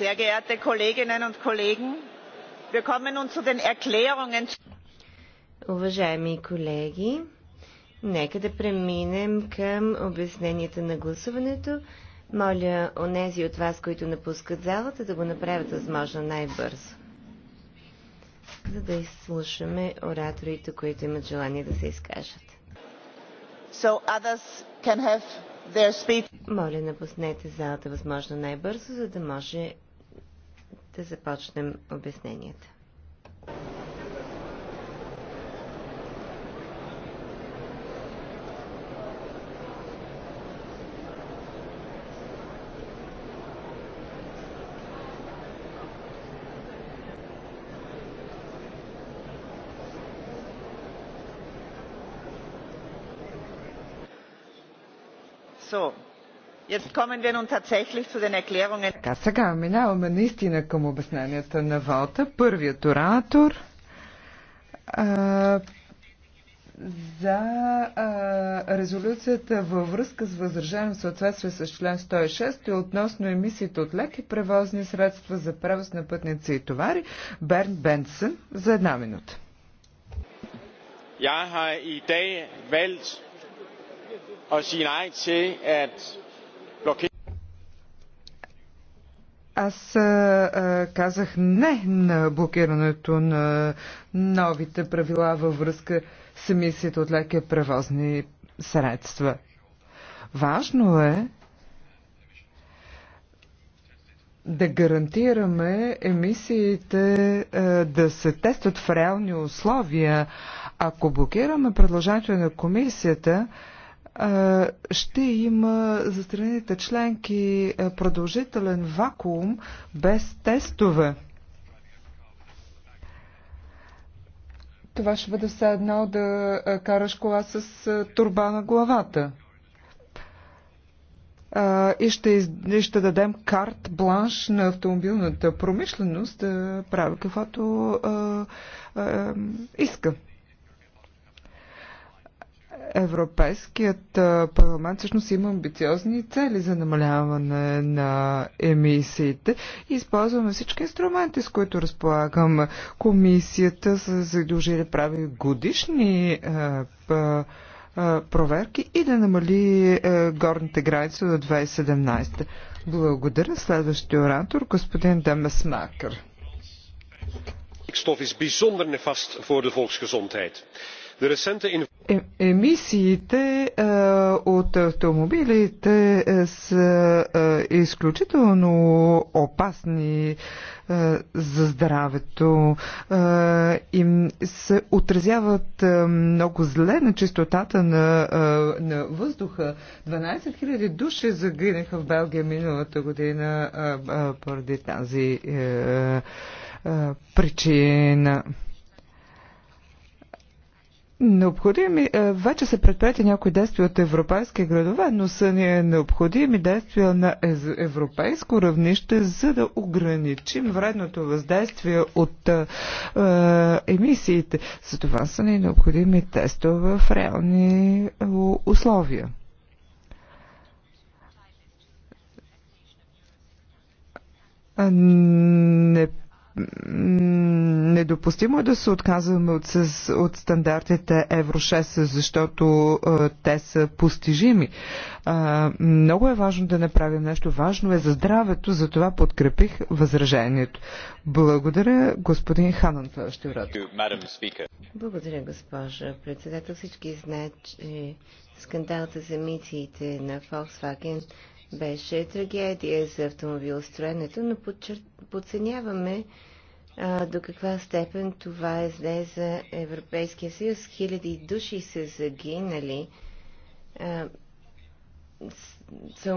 sehr geehrte Kolleginnen und Kollegen, wir kommen nun zu den Erklärungen. Уважаеми колеги, нека да преминем към обясненията на гласуването. Моля онези от вас, които напускат залата, да го направят възможно най-бързо. За да изслушаме ораторите, които имат желание да се изкажат. So others can have their speech. Моля, напуснете залата възможно най-бързо, за да може да започнем обясненията. Така, сега минаваме наистина към обясненията на Волта. Първият оратор а, за а, резолюцията във връзка с възражение в съответствие с член 106 и относно емисиите от леки превозни средства за превоз на пътници и товари Берн Бенсън за една минута. Я har i dag valgt at sige nej til at аз а, казах не на блокирането на новите правила във връзка с емисията от леки превозни средства. Важно е да гарантираме емисиите а, да се тестват в реални условия. Ако блокираме предложението на комисията, а, ще има за страните членки продължителен вакуум без тестове. Това ще бъде все едно да караш кола с турба на главата. И ще, и ще дадем карт бланш на автомобилната промишленост да прави каквото а, а, иска. Европейският парламент всъщност има амбициозни цели за намаляване на емисиите и използваме всички инструменти, с които разполагам. Комисията се задължи да прави годишни проверки и да намали горните граници до 2017. Благодаря. Следващия оратор, господин Демес Макър. Stikstof е bijzonder nefast voor de volksgezondheid. Е, емисиите е, от автомобилите е, са изключително опасни за здравето и се отразяват много зле на чистотата на, на въздуха. 12 000 души загинаха в Белгия миналата година поради тази причина. Необходими, е, вече са предприяти някои действия от европейски градове, но са ни необходими действия на европейско равнище, за да ограничим вредното въздействие от е, е, емисиите. За това са ни необходими тестове в реални е, условия. Не недопустимо е да се отказваме от, с, от стандартите Евро 6, защото а, те са постижими. А, много е важно да направим нещо. Важно е за здравето, затова подкрепих възражението. Благодаря, господин Ханан, ще вратя. Благодаря, госпожа председател. Всички знаят, че скандалът за мициите на Volkswagen беше трагедия за автомобилостроенето, но подчер... подценяваме до каква степен това е зле за Европейския съюз. Хиляди души са загинали, са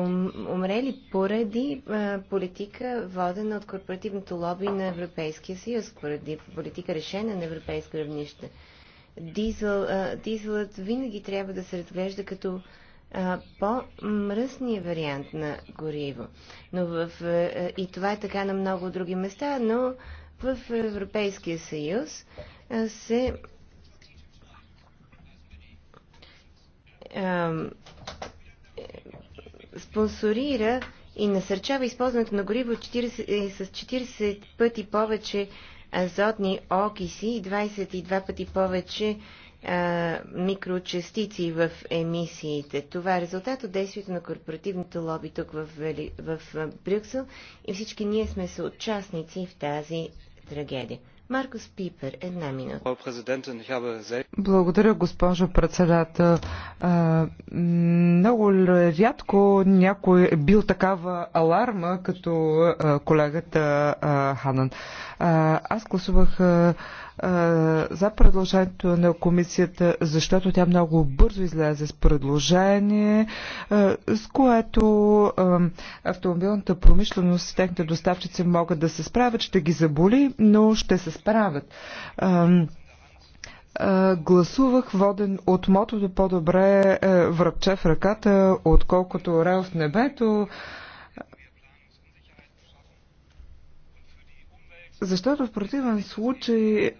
умрели поради политика, водена от корпоративното лоби на Европейския съюз, поради политика решена на европейско равнище. Дизел, дизелът винаги трябва да се разглежда като по-мръсния вариант на гориво. Но в, и това е така на много други места, но в Европейския съюз се спонсорира и насърчава използването на гориво е, с 40 пъти повече азотни окиси и 22 пъти повече микрочастици в емисиите. Това е резултат от действието на корпоративното лоби тук в Брюксел и всички ние сме съучастници в тази трагедия. Маркус Пипер, една минута. Благодаря, госпожо председател. Много рядко някой е бил такава аларма, като колегата Ханан. Аз гласувах за предложението на комисията, защото тя много бързо излезе с предложение, с което автомобилната промишленост и техните доставчици могат да се справят. Ще ги заболи, но ще се справят гласувах воден от мотото по-добре връбче в ръката, отколкото орел в небето. Защото в противен случай е,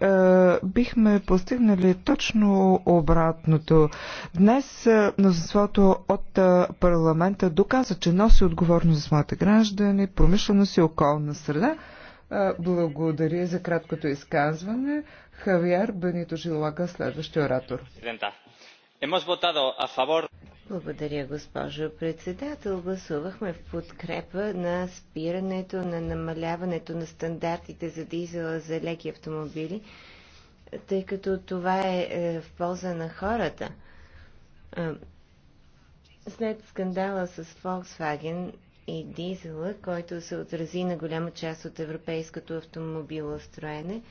бихме постигнали точно обратното. Днес е, мнозинството от е, парламента доказа, че носи отговорност за своите граждани, промишленост и околна среда. Е, благодаря за краткото изказване. Хавиар Бенито Жилага, следващия оратор. Президента. Благодаря, госпожо председател. Гласувахме в подкрепа на спирането на намаляването на стандартите за дизела за леки автомобили, тъй като това е, е в полза на хората. След скандала с Volkswagen и дизела, който се отрази на голяма част от европейското автомобилостроене,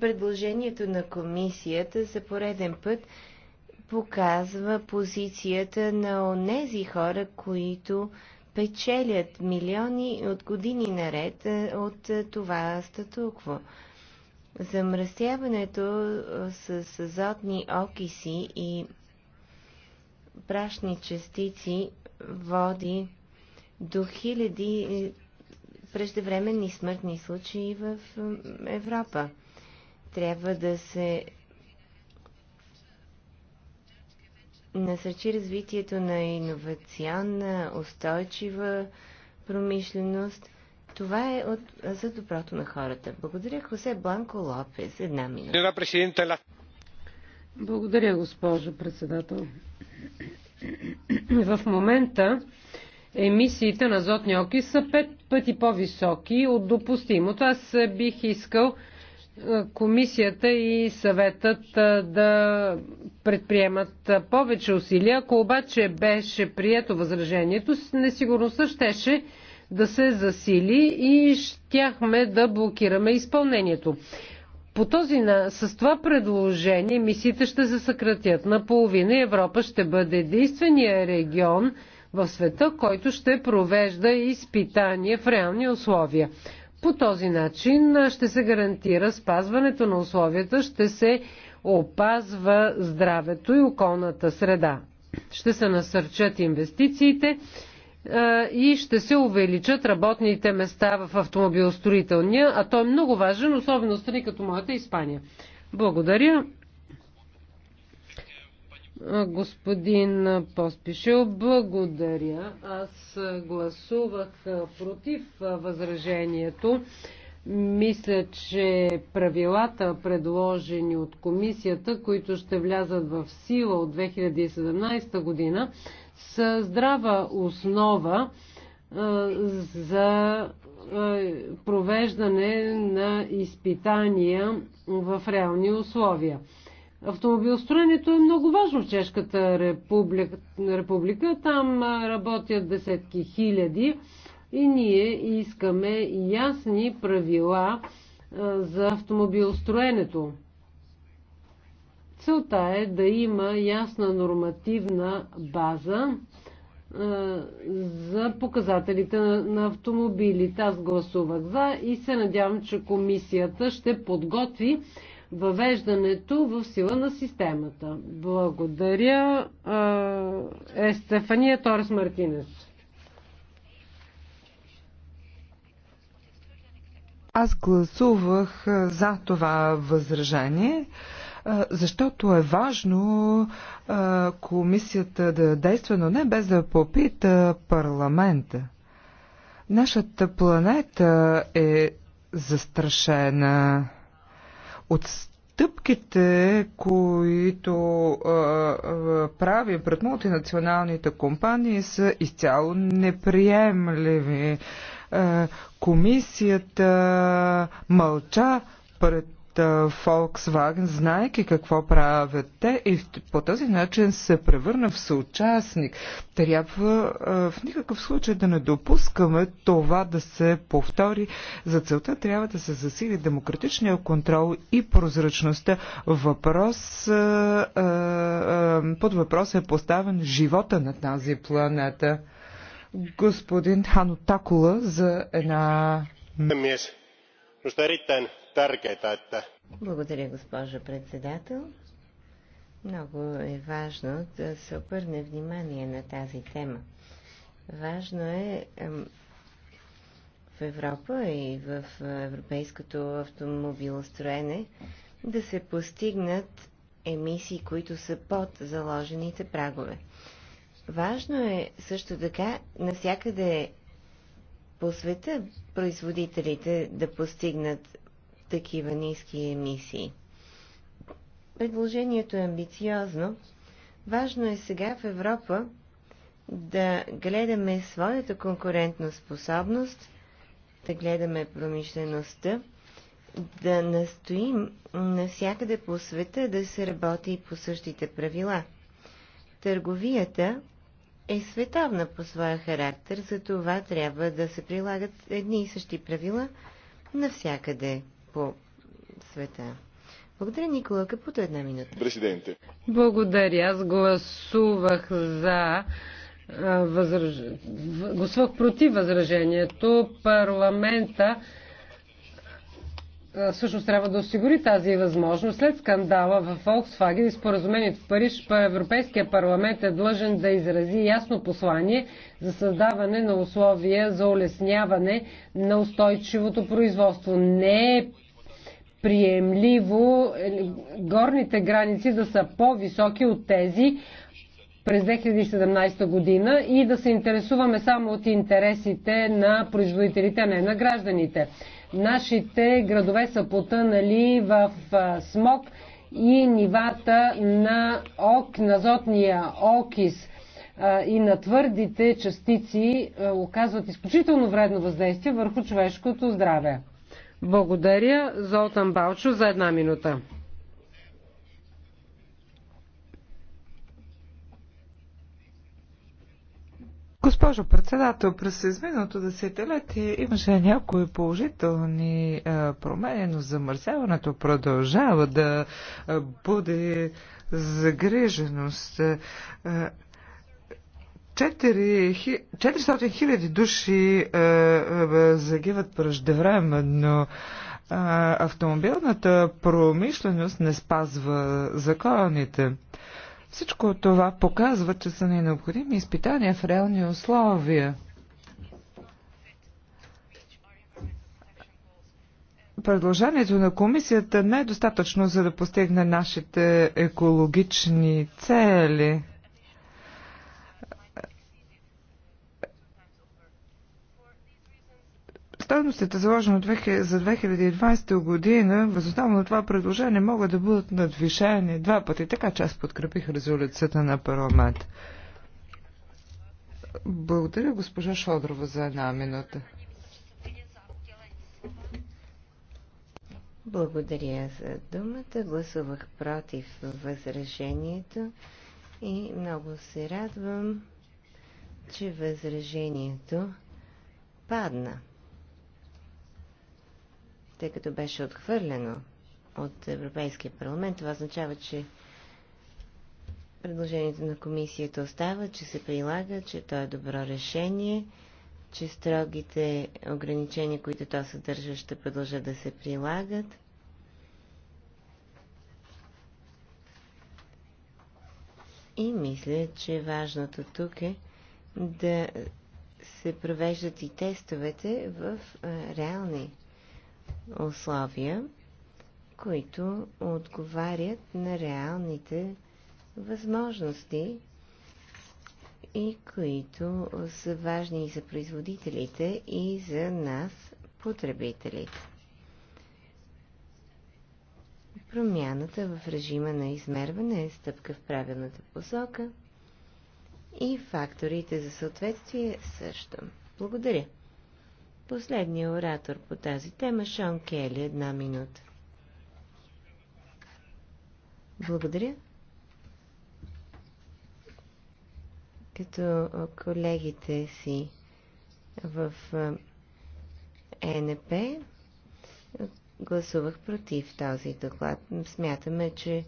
предложението на комисията за пореден път показва позицията на онези хора, които печелят милиони от години наред е, от е, това статукво. Замръсяването е, с азотни окиси и прашни частици води до хиляди преждевременни смъртни случаи в Европа. Трябва да се насърчи развитието на иновационна, устойчива промишленост. Това е от, за доброто на хората. Благодаря, Хосе Бланко Лопес. Една минута. Благодаря, госпожо председател. В момента емисиите на азотни оки са пет пъти по-високи от допустимото. Аз бих искал комисията и съветът да предприемат повече усилия. Ако обаче беше прието възражението, несигурността щеше да се засили и щяхме да блокираме изпълнението. По този, с това предложение мисиите ще се съкратят наполовина и Европа ще бъде единствения регион в света, който ще провежда изпитания в реални условия. По този начин ще се гарантира спазването на условията, ще се опазва здравето и околната среда. Ще се насърчат инвестициите и ще се увеличат работните места в автомобилостроителния, а той е много важен, особено страни като моята Испания. Благодаря. Господин Поспишил, благодаря. Аз гласувах против възражението. Мисля, че правилата, предложени от комисията, които ще влязат в сила от 2017 година, са здрава основа за провеждане на изпитания в реални условия. Автомобилостроенето е много важно в Чешката република. република. Там работят десетки хиляди и ние искаме ясни правила за автомобилостроенето. Целта е да има ясна нормативна база за показателите на автомобилите. Аз гласувах за и се надявам, че комисията ще подготви въвеждането в сила на системата. Благодаря Естефания Торес Мартинес. Аз гласувах за това възражение защото е важно комисията да действа, но не без да попита парламента. Нашата планета е застрашена от стъпките, които а, прави правим пред мултинационалните компании, са изцяло неприемливи. А, комисията мълча пред Volkswagen, знаеки какво правят те и по този начин се превърна в съучастник. Трябва в никакъв случай да не допускаме това да се повтори. За целта трябва да се засили демократичния контрол и прозрачността. Въпрос, под въпрос е поставен живота на тази планета. Господин Хано Такула за една... Minusta erittäin благодаря, госпожа председател. Много е важно да се обърне внимание на тази тема. Важно е в Европа и в европейското автомобилостроене да се постигнат емисии, които са под заложените прагове. Важно е също така навсякъде по света производителите да постигнат такива ниски емисии. Предложението е амбициозно. Важно е сега в Европа да гледаме своята конкурентна способност, да гледаме промишлеността, да настоим навсякъде по света да се работи по същите правила. Търговията е световна по своя характер, за това трябва да се прилагат едни и същи правила навсякъде по света. Благодаря, Никола Капуто. Една минута. Президенте. Благодаря. Аз гласувах за възраж... гласувах против възражението. Парламента всъщност трябва да осигури тази възможност. След скандала в Volkswagen и споразумението в Париж, Европейския парламент е длъжен да изрази ясно послание за създаване на условия за улесняване на устойчивото производство. Не е приемливо е, горните граници да са по-високи от тези през 2017 година и да се интересуваме само от интересите на производителите, а не на гражданите. Нашите градове са потънали в смог и нивата на ок, назотния окис и на твърдите частици оказват изключително вредно въздействие върху човешкото здраве. Благодаря. Золтан Балчо за една минута. Госпожо председател, през изминалото десетилетие имаше някои положителни е, промени, но замърсяването продължава да е, буди загриженост. Е, 400 хиляди души е, е, загиват преждевременно. Е, автомобилната промишленост не спазва законите. Всичко това показва, че са ни необходими изпитания в реални условия. предложението на комисията не е достатъчно, за да постигне нашите екологични цели. Стойностите, заложени за 2020 година, възоснова на това предложение, могат да бъдат надвишени два пъти, така че аз подкрепих резолюцията на парламент. Благодаря госпожа Шодрова за една минута. Благодаря за думата. Гласувах против възражението и много се радвам, че възражението падна тъй като беше отхвърлено от Европейския парламент. Това означава, че предложението на комисията остава, че се прилага, че то е добро решение, че строгите ограничения, които то съдържа, ще продължат да се прилагат. И мисля, че важното тук е да се провеждат и тестовете в реални условия, които отговарят на реалните възможности и които са важни и за производителите, и за нас, потребителите. Промяната в режима на измерване е стъпка в правилната посока и факторите за съответствие също. Благодаря. Последният оратор по тази тема Шон Кели. Една минута. Благодаря. Като колегите си в ЕНП гласувах против този доклад. Смятаме, че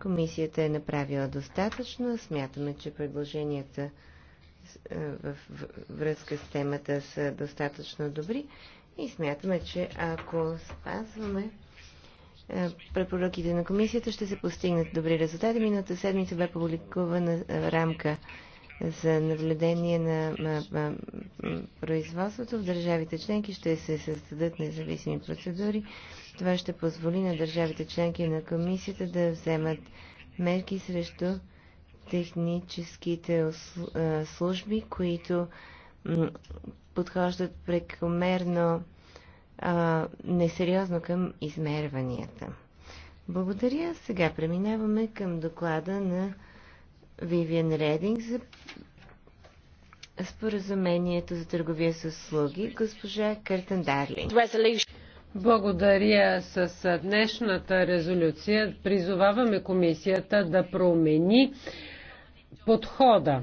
комисията е направила достатъчно, смятаме, че предложенията е, в връзка с темата са достатъчно добри и смятаме, че ако спазваме е, препоръките на комисията, ще се постигнат добри резултати. Миналата седмица бе публикувана е, рамка за наблюдение на производството в държавите членки. Ще се създадат независими процедури. Това ще позволи на държавите членки на комисията да вземат мерки срещу техническите служби, които подхождат прекомерно а, несериозно към измерванията. Благодаря. Сега преминаваме към доклада на Вивиан Рединг за споразумението за търговия с услуги, госпожа Къртен Дарли. Благодаря с днешната резолюция. Призоваваме комисията да промени подхода.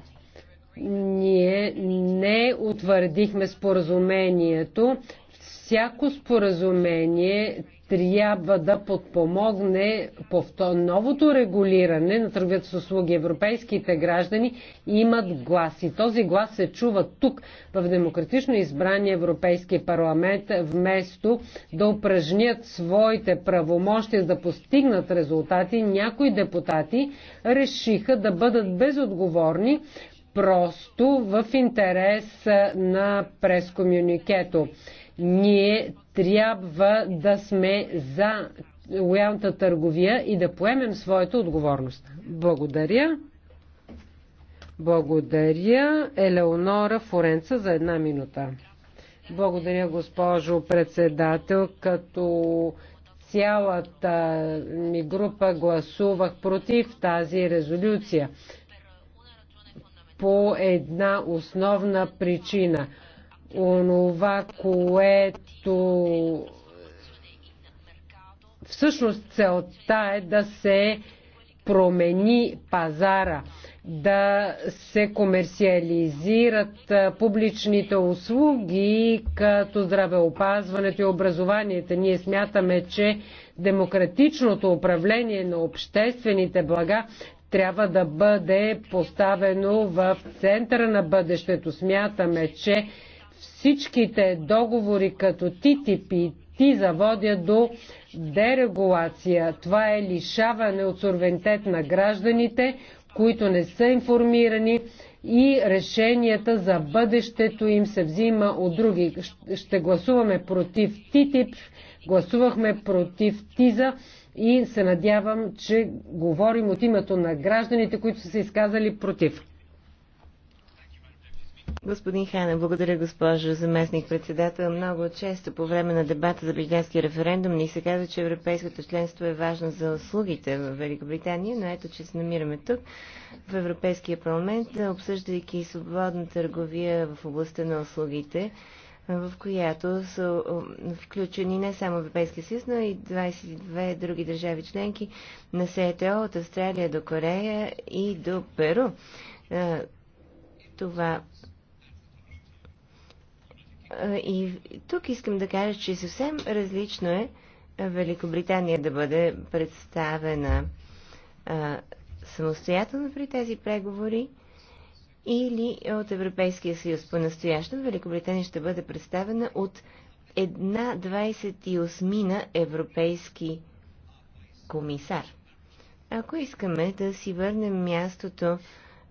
Ние не утвърдихме споразумението. Всяко споразумение трябва да подпомогне новото регулиране на търговията с услуги. Европейските граждани имат глас и този глас се чува тук, в демократично избрания Европейски парламент, вместо да упражнят своите правомощи за да постигнат резултати, някои депутати решиха да бъдат безотговорни, просто в интерес на прескомюникето. Ние трябва да сме за лоялната търговия и да поемем своята отговорност. Благодаря. Благодаря Елеонора Форенца за една минута. Благодаря, госпожо председател, като цялата ми група гласувах против тази резолюция по една основна причина. Онова, което всъщност целта е да се промени пазара, да се комерциализират публичните услуги, като здравеопазването и образованието. Ние смятаме, че демократичното управление на обществените блага трябва да бъде поставено в центъра на бъдещето. Смятаме, че всичките договори като ТТП и ТИЗА водят до дерегулация. Това е лишаване от сурвентет на гражданите, които не са информирани и решенията за бъдещето им се взима от други. Ще гласуваме против ТИТИП, гласувахме против ТИЗА и се надявам, че говорим от името на гражданите, които са се изказали против. Господин Хане, благодаря госпожо заместник председател. Много често по време на дебата за британския референдум ни се каза, че европейското членство е важно за услугите в Великобритания, но ето, че се намираме тук в Европейския парламент, обсъждайки свободна търговия в областта на услугите в която са включени не само Европейския съюз, но и 22 други държави членки на СЕТО от Австралия до Корея и до Перу. Това и тук искам да кажа, че съвсем различно е Великобритания да бъде представена самостоятелно при тези преговори, или от Европейския съюз. По-настоящем Великобритания ще бъде представена от една 28-на европейски комисар. Ако искаме да си върнем мястото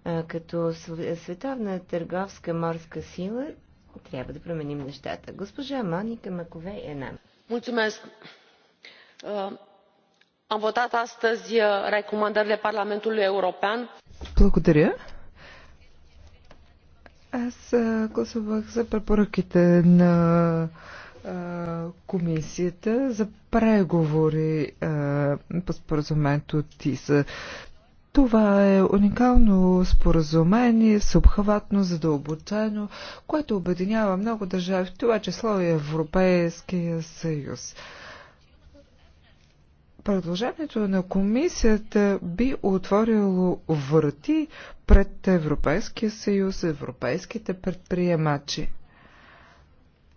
а, като световна търговска морска сила, трябва да променим нещата. Госпожа Моника Макове е нам. Mulțumesc! Am votat astăzi recomandările Parlamentului European. Благодаря. Аз гласувах за препоръките на комисията за преговори по споразумението ТИСА. Това е уникално споразумение, съобхватно, задълбочено, което обединява много държави, в това число и Европейския съюз. Предложението на комисията би отворило врати пред Европейския съюз, европейските предприемачи.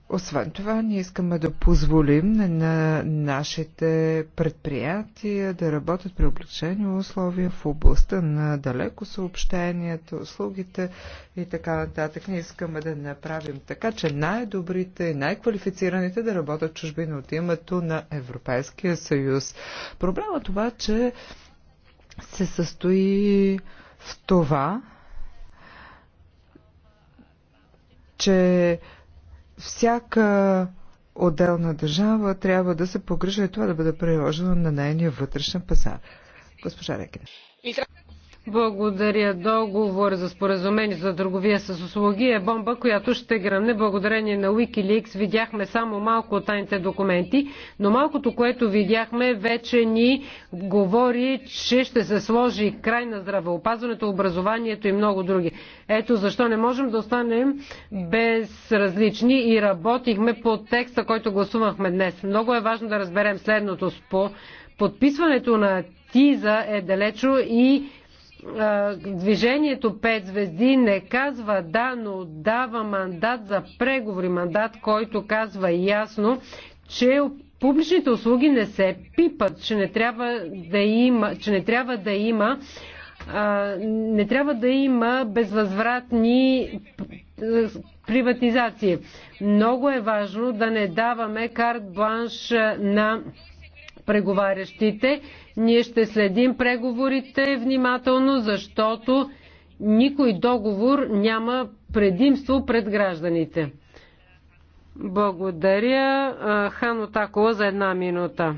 Освен това, ние искаме да позволим на нашите предприятия да работят при облегчени условия в областта на далеко съобщенията, услугите и така нататък. Ние искаме да направим така, че най-добрите и най-квалифицираните да работят чужбина от името на Европейския съюз. Проблема е това, че се състои в това, че всяка отделна държава трябва да се погрижи и това да бъде приложено на нейния вътрешен пазар. Госпожа Рекина. Благодаря. Договор за споразумение за търговия с услуги е бомба, която ще гръмне благодарение на Wikileaks. Видяхме само малко от тайните документи, но малкото, което видяхме, вече ни говори, че ще се сложи край на здравеопазването, образованието и много други. Ето защо не можем да останем безразлични и работихме по текста, който гласувахме днес. Много е важно да разберем следното. По подписването на ТИЗа е далечо и движението 5 звезди не казва да, но дава мандат за преговори, мандат, който казва ясно, че публичните услуги не се пипат, че не трябва да има, че не трябва да има не трябва да има безвъзвратни приватизации. Много е важно да не даваме карт бланш на преговарящите. Ние ще следим преговорите внимателно, защото никой договор няма предимство пред гражданите. Благодаря. Хано Такова за една минута.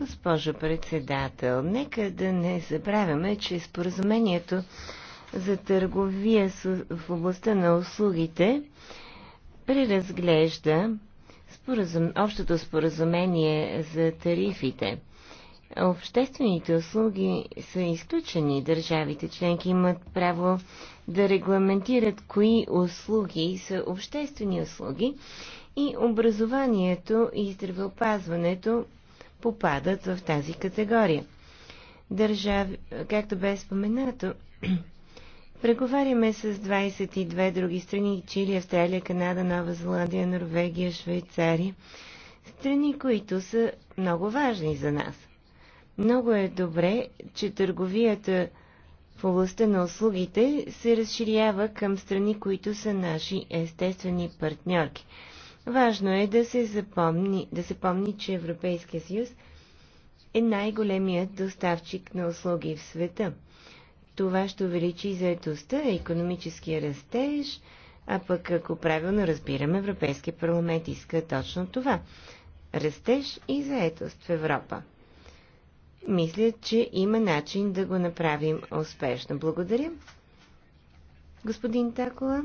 Госпожо председател, нека да не забравяме, че споразумението за търговия в областта на услугите преразглежда споразум, общото споразумение за тарифите. Обществените услуги са изключени. Държавите членки имат право да регламентират кои услуги са обществени услуги и образованието и здравеопазването попадат в тази категория. Държави, както бе споменато, Преговаряме с 22 други страни – Чили, Австралия, Канада, Нова Зеландия, Норвегия, Швейцария. Страни, които са много важни за нас. Много е добре, че търговията в областта на услугите се разширява към страни, които са наши естествени партньорки. Важно е да се, запомни, да се помни, че Европейския съюз е най-големият доставчик на услуги в света това ще увеличи заедостта, економическия растеж, а пък ако правилно разбираме, Европейския парламент иска точно това. Растеж и заедост в Европа. Мисля, че има начин да го направим успешно. Благодаря. Господин Такола.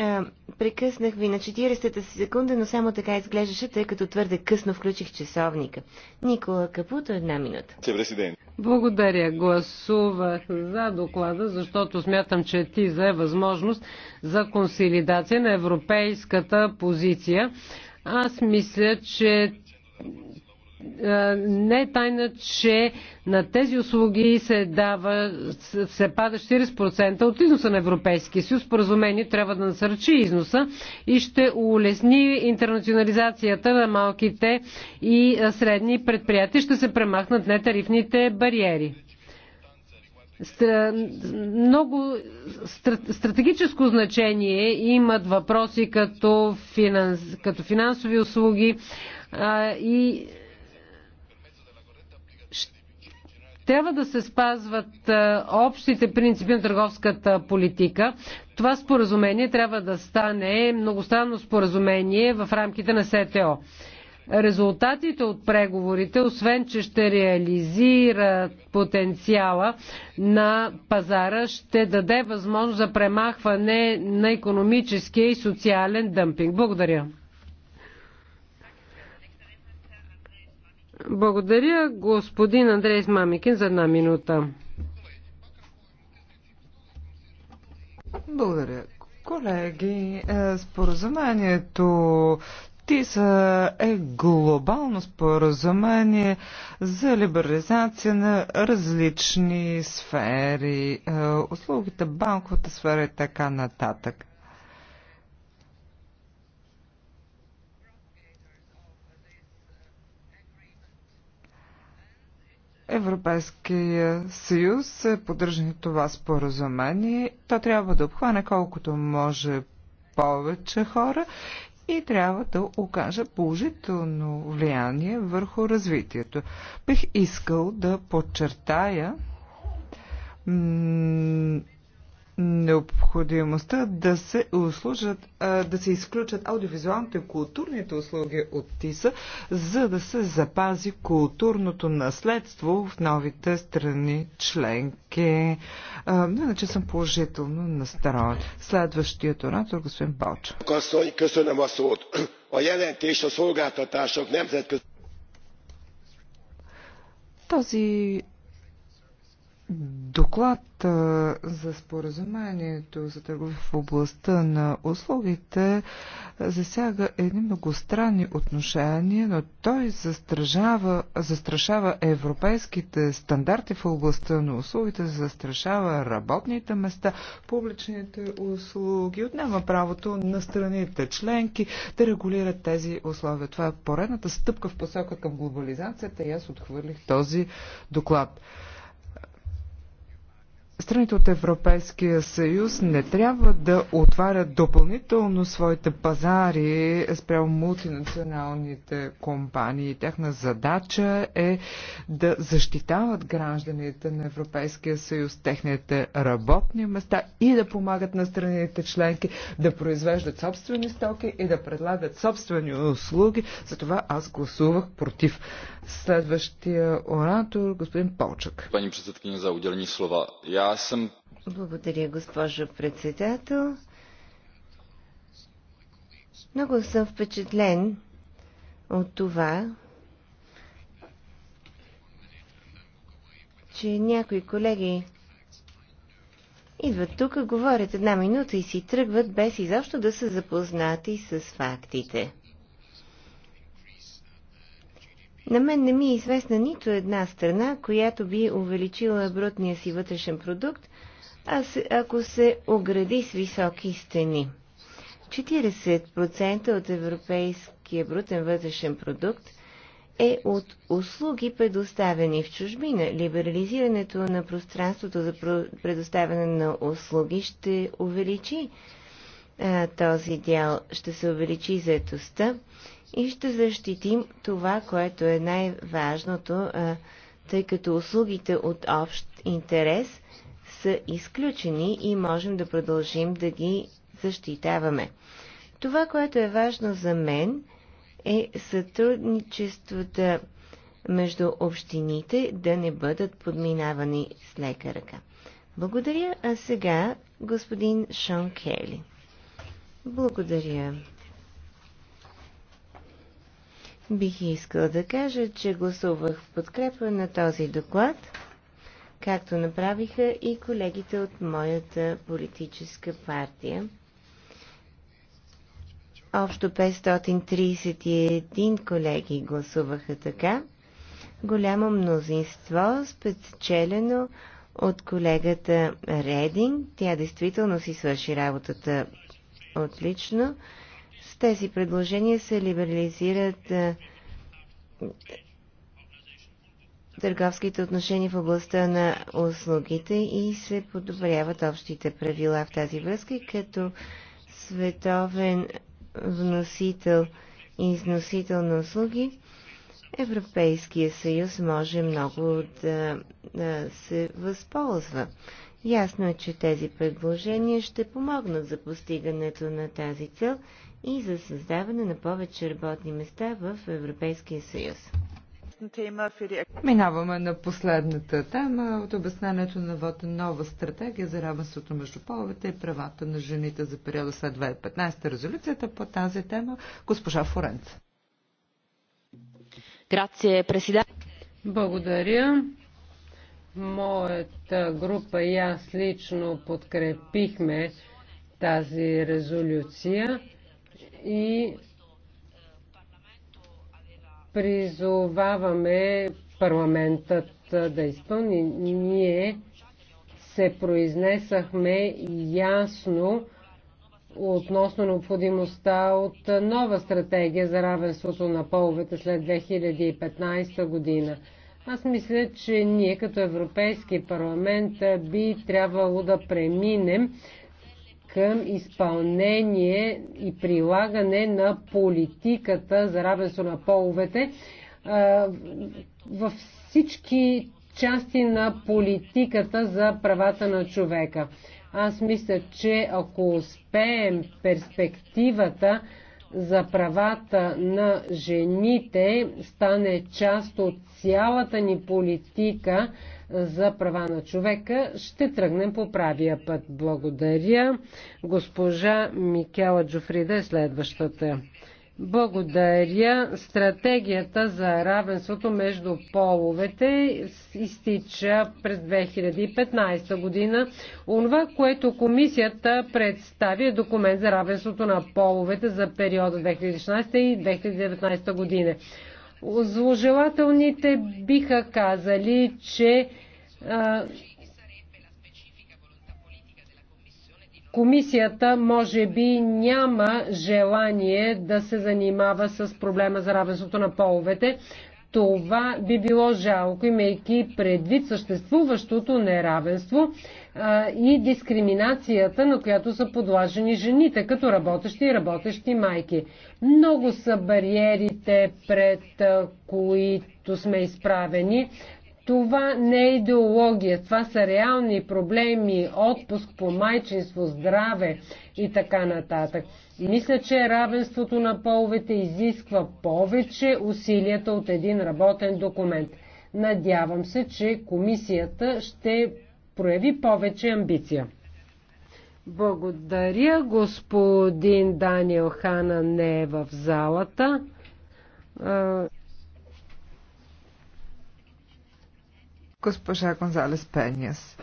Е, прекъснах ви на 40-та си секунда, но само така изглеждаше, тъй като твърде късно включих часовника. Никола Капуто, една минута. Благодаря. Гласувах за доклада, защото смятам, че ти е възможност за консолидация на европейската позиция. Аз мисля, че е, не е тайна, че на тези услуги се дава, се пада 40% от износа на Европейския съюз. Поразумение трябва да насърчи износа и ще улесни интернационализацията на малките и е, средни предприятия. Ще се премахнат нетарифните бариери. Много стратегическо значение имат въпроси като, като финансови услуги и Трябва да се спазват е, общите принципи на търговската политика. Това споразумение трябва да стане многостранно споразумение в рамките на СТО. Резултатите от преговорите, освен че ще реализират потенциала на пазара, ще даде възможност за премахване на економическия и социален дъмпинг. Благодаря. Благодаря господин Андрей Мамикин за една минута. Благодаря. Колеги, е, споразумението ТИСА е глобално споразумение за либерализация на различни сфери, е, услугите, банковата сфера и така нататък. Европейския съюз е поддържа това споразумение. То трябва да обхване колкото може повече хора и трябва да окаже положително влияние върху развитието. Бих искал да подчертая необходимостта да се, услужат, да се изключат аудиовизуалните културните услуги от ТИСА, за да се запази културното наследство в новите страни членки. Но иначе съм положително настроен. Следващият оратор, господин Балчо. Този Доклад за споразумението за търговия в областта на услугите засяга едни многостранни отношения, но той застрашава, застрашава европейските стандарти в областта на услугите, застрашава работните места, публичните услуги, отнема правото на страните членки да регулират тези условия. Това е поредната стъпка в посока към глобализацията и аз отхвърлих този доклад страните от Европейския съюз не трябва да отварят допълнително своите пазари спрямо мултинационалните компании. Тяхна задача е да защитават гражданите на Европейския съюз, техните работни места и да помагат на страните членки да произвеждат собствени стоки и да предлагат собствени услуги. Затова аз гласувах против Следващия оратор, господин Полчък. Пани председателя за отделени слова. Я съм... Благодаря, госпожо председател. Много съм впечатлен от това, че някои колеги идват тук, говорят една минута и си тръгват без изобщо да са запознати с фактите. На мен не ми е известна нито една страна, която би увеличила брутния си вътрешен продукт, а се, ако се огради с високи стени. 40% от европейския брутен вътрешен продукт е от услуги, предоставени в чужбина. Либерализирането на пространството за предоставяне на услуги ще увеличи а, този дял, ще се увеличи заетостта и ще защитим това, което е най-важното, тъй като услугите от общ интерес са изключени и можем да продължим да ги защитаваме. Това, което е важно за мен, е сътрудничествата между общините да не бъдат подминавани с лека ръка. Благодаря, а сега господин Шон Кели. Благодаря. Бих искал да кажа, че гласувах в подкрепа на този доклад, както направиха и колегите от моята политическа партия. Общо 531 колеги гласуваха така. Голямо мнозинство, спечелено от колегата Рединг. Тя действително си свърши работата отлично тези предложения се либерализират търговските отношения в областта на услугите и се подобряват общите правила в тази връзка, като световен вносител и износител на услуги, Европейския съюз може много да, да се възползва. Ясно е, че тези предложения ще помогнат за постигането на тази цел и за създаване на повече работни места в Европейския съюз. Минаваме на последната тема от обяснението на вода нова стратегия за равенството между половете и правата на жените за периода след 2015. Резолюцията по тази тема госпожа Форенц. Грация, президент. Благодаря. Моята група и аз лично подкрепихме тази резолюция и призоваваме парламентът да изпълни. Ние се произнесахме ясно относно необходимостта от нова стратегия за равенството на половете след 2015 година. Аз мисля, че ние като Европейски парламент би трябвало да преминем към изпълнение и прилагане на политиката за равенство на половете във всички части на политиката за правата на човека. Аз мисля, че ако успеем перспективата за правата на жените стане част от цялата ни политика, за права на човека, ще тръгнем по правия път. Благодаря. Госпожа Микела Джофрида е следващата. Благодаря. Стратегията за равенството между половете изтича през 2015 година. Онова, което комисията представи е документ за равенството на половете за периода 2016 и 2019 година. Зложелателните биха казали, че комисията може би няма желание да се занимава с проблема за равенството на половете. Това би било жалко, имайки предвид съществуващото неравенство и дискриминацията, на която са подложени жените, като работещи и работещи майки. Много са бариерите, пред които сме изправени. Това не е идеология, това са реални проблеми, отпуск по майчинство, здраве и така нататък. И мисля, че равенството на половете изисква повече усилията от един работен документ. Надявам се, че комисията ще прояви повече амбиция. Благодаря. Господин Даниел Хана не е в залата. Госпожа Гонзалес Пеняс.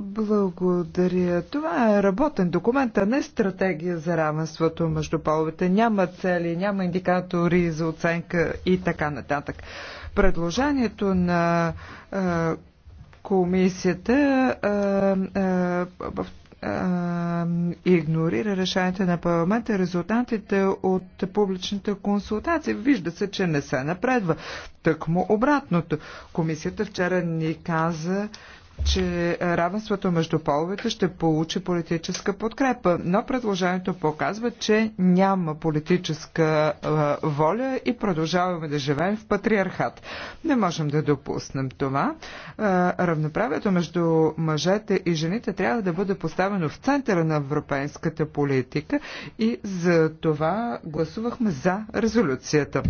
Благодаря. Това е работен документ, а не стратегия за равенството между половете. Няма цели, няма индикатори за оценка и така нататък. Предложението на комисията игнорира решението на парламента и резултатите от публичната консултация. Вижда се, че не се напредва. Тъкмо обратното. Комисията вчера ни каза, че равенството между половете ще получи политическа подкрепа, но предложението показва, че няма политическа воля и продължаваме да живеем в патриархат. Не можем да допуснем това. равноправието между мъжете и жените трябва да бъде поставено в центъра на европейската политика и за това гласувахме за резолюцията.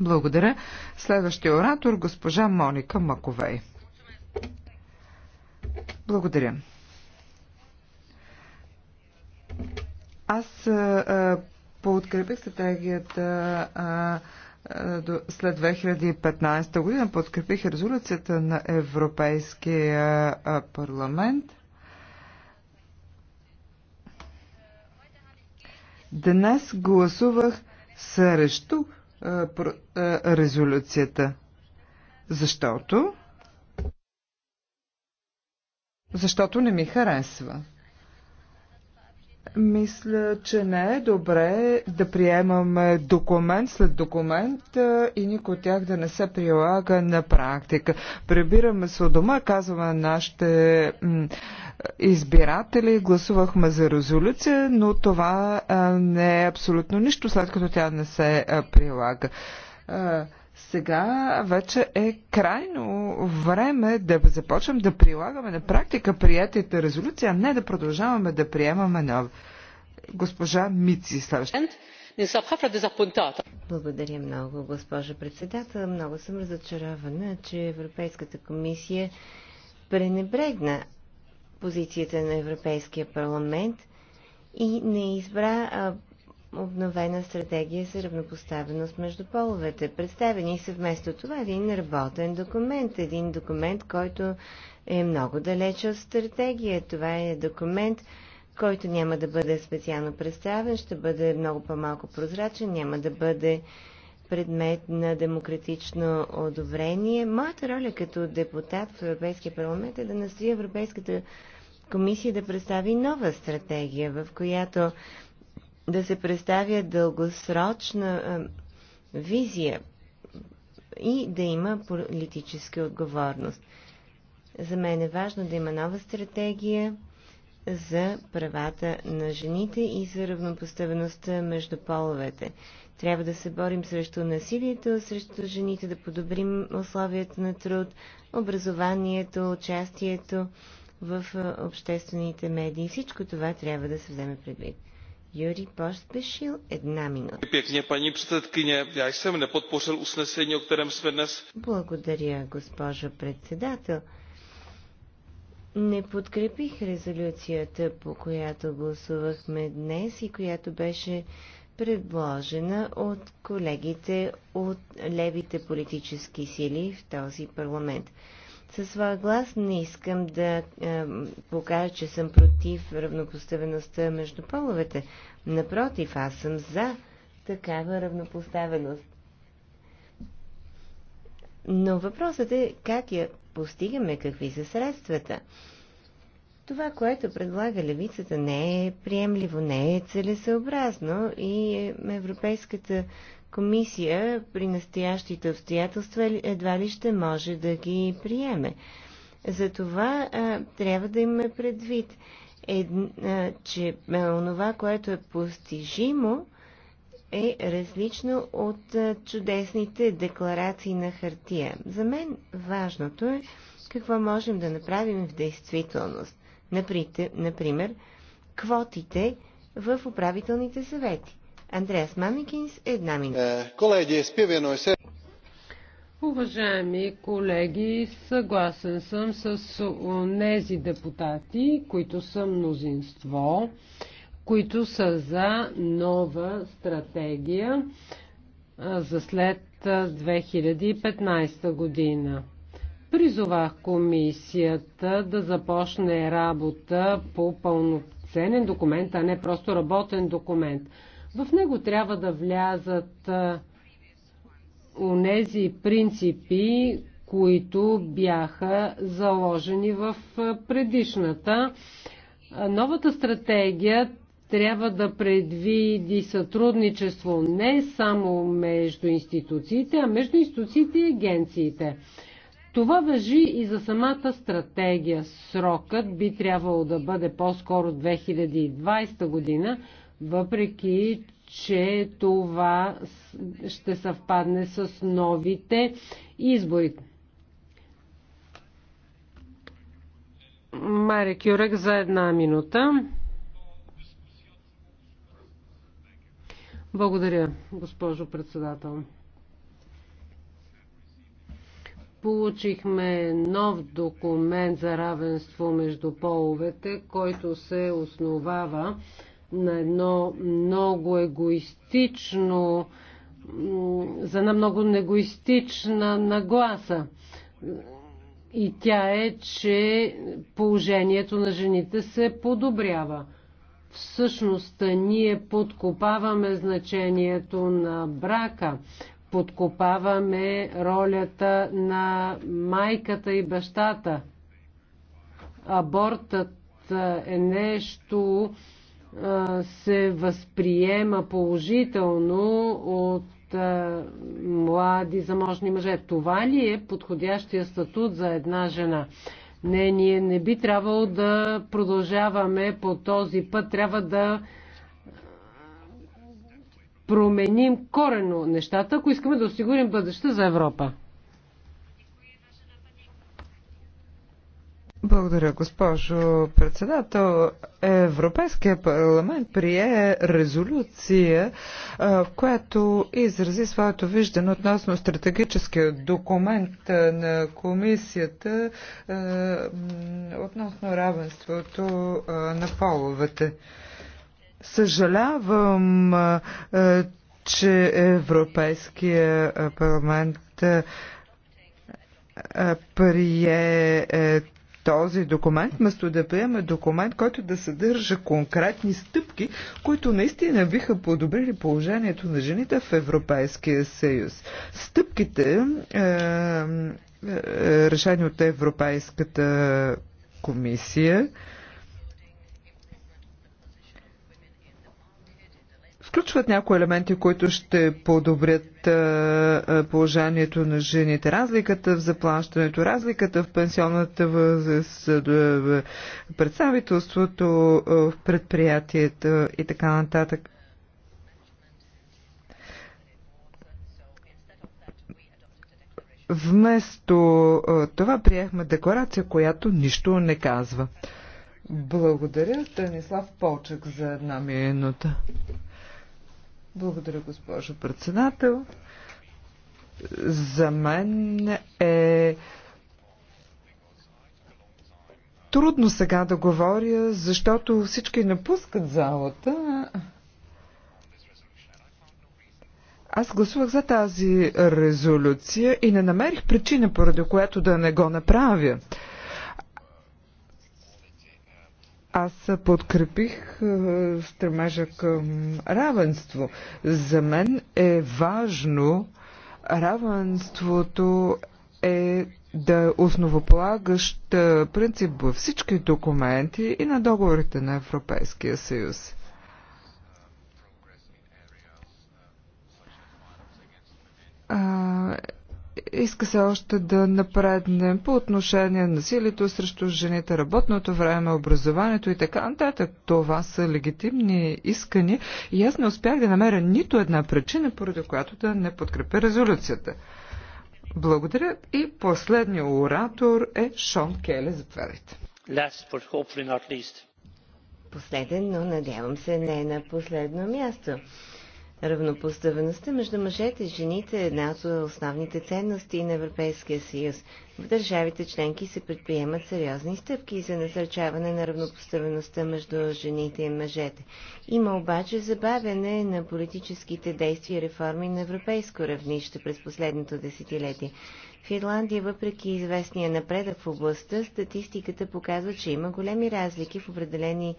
Благодаря. Следващия оратор госпожа Моника Маковей. Благодаря. Аз подкрепих стратегията след 2015 година, подкрепих резолюцията на Европейския парламент. Днес гласувах срещу резолюцията, защото защото не ми харесва. Мисля, че не е добре да приемаме документ след документ и никой от тях да не се прилага на практика. Прибираме се от дома, казваме нашите избиратели, гласувахме за резолюция, но това не е абсолютно нищо, след като тя не се прилага сега вече е крайно време да започнем да прилагаме на практика приятите резолюция, а не да продължаваме да приемаме нови. Госпожа Мици, следващата. Благодаря много, госпожа председател. Много съм разочарована, че Европейската комисия пренебрегна позицията на Европейския парламент и не избра обновена стратегия за равнопоставеност между половете. Представени са вместо това един работен документ, един документ, който е много далеч от стратегия. Това е документ, който няма да бъде специално представен, ще бъде много по-малко прозрачен, няма да бъде предмет на демократично одобрение. Моята роля като депутат в Европейския парламент е да настоя Европейската комисия да представи нова стратегия, в която да се представя дългосрочна визия и да има политическа отговорност. За мен е важно да има нова стратегия за правата на жените и за равнопоставеността между половете. Трябва да се борим срещу насилието, срещу жените, да подобрим условията на труд, образованието, участието в обществените медии. Всичко това трябва да се вземе предвид. Юрий Поспешил, една минута. Пекне, пани председкиня, я съм не подпорил уснесение, о котором сме днес. Благодаря, госпожо председател. Не подкрепих резолюцията, по която гласувахме днес и която беше предложена от колегите от левите политически сили в този парламент. Със своя глас не искам да е, покажа, че съм против равнопоставеността между половете. Напротив, аз съм за такава равнопоставеност. Но въпросът е как я постигаме, какви са средствата. Това, което предлага левицата, не е приемливо, не е целесъобразно и е Европейската комисия при настоящите обстоятелства едва ли ще може да ги приеме. Затова а, трябва да имаме предвид, е, а, че онова, което е постижимо, е различно от а, чудесните декларации на хартия. За мен важното е какво можем да направим в действителност. Например, квотите в управителните съвети. Андреас Мамикинс, една минута. Е, колеги, изпивено е се... Уважаеми колеги, съгласен съм с тези депутати, които са мнозинство, които са за нова стратегия за след 2015 година. Призовах комисията да започне работа по пълноценен документ, а не просто работен документ. В него трябва да влязат онези принципи, които бяха заложени в предишната. Новата стратегия трябва да предвиди сътрудничество не само между институциите, а между институциите и агенциите. Това въжи и за самата стратегия. Срокът би трябвало да бъде по-скоро 2020 година, въпреки че това ще съвпадне с новите избори. Мари Кюрек, за една минута. Благодаря, госпожо председател. Получихме нов документ за равенство между половете, който се основава на едно много егоистично, за една много негоистична нагласа. И тя е, че положението на жените се подобрява. Всъщност ние подкопаваме значението на брака, подкопаваме ролята на майката и бащата. Абортът е нещо, се възприема положително от млади заможни мъже. Това ли е подходящия статут за една жена? Не, ние не би трябвало да продължаваме по този път. Трябва да променим корено нещата, ако искаме да осигурим бъдеще за Европа. Благодаря, госпожо председател. Европейския парламент прие резолюция, в която изрази своето виждане относно стратегическия документ на комисията относно равенството на половете. Съжалявам, че Европейския парламент прие е, този документ, вместо да приеме документ, който да съдържа конкретни стъпки, които наистина биха подобрили положението на жените в Европейския съюз. Стъпките, е, е, е решени от Европейската комисия, включват някои елементи, които ще подобрят положението на жените. Разликата в заплащането, разликата в пенсионната възраст, представителството в предприятията и така нататък. Вместо това приехме декларация, която нищо не казва. Благодаря, Станислав Полчък, за една минута. Благодаря, госпожо председател. За мен е трудно сега да говоря, защото всички напускат залата. Аз гласувах за тази резолюция и не намерих причина, поради която да не го направя. Аз подкрепих е, стремежа към равенство. За мен е важно равенството е да е основополагащ е, принцип във всички документи и на договорите на Европейския съюз. А, иска се още да напреднем по отношение на насилието срещу жените, работното време, образованието и така нататък. Това са легитимни искани. и аз не успях да намеря нито една причина, поради която да не подкрепя резолюцията. Благодаря и последният оратор е Шон Келе. Заповядайте. Последен, но надявам се не на последно място. Равнопоставеността между мъжете и жените е една от основните ценности на Европейския съюз. В държавите членки се предприемат сериозни стъпки за насърчаване на равнопоставеността между жените и мъжете. Има обаче забавяне на политическите действия и реформи на европейско равнище през последното десетилетие. В Ирландия, въпреки известния напредък в областта, статистиката показва, че има големи разлики в определени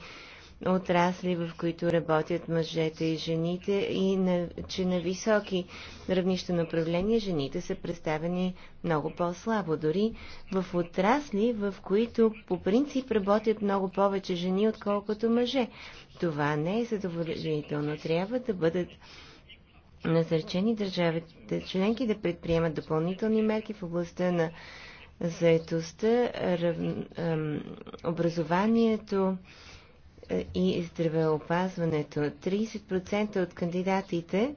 отрасли, в които работят мъжете и жените и на, че на високи равнища на управление жените са представени много по-слабо. Дори в отрасли, в които по принцип работят много повече жени, отколкото мъже. Това не е задоволително. Трябва да бъдат насърчени държавите членки да предприемат допълнителни мерки в областта на заетостта, образованието, и здравеопазването. 30% от кандидатите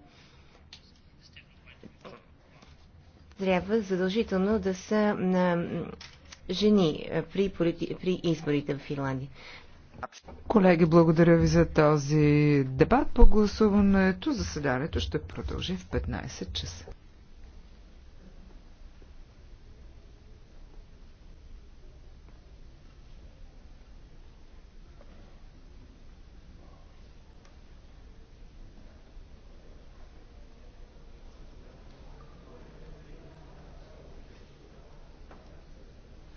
трябва задължително да са на жени при, полити... при изборите в Финландия. Колеги, благодаря ви за този дебат по гласуването. Заседанието ще продължи в 15 часа.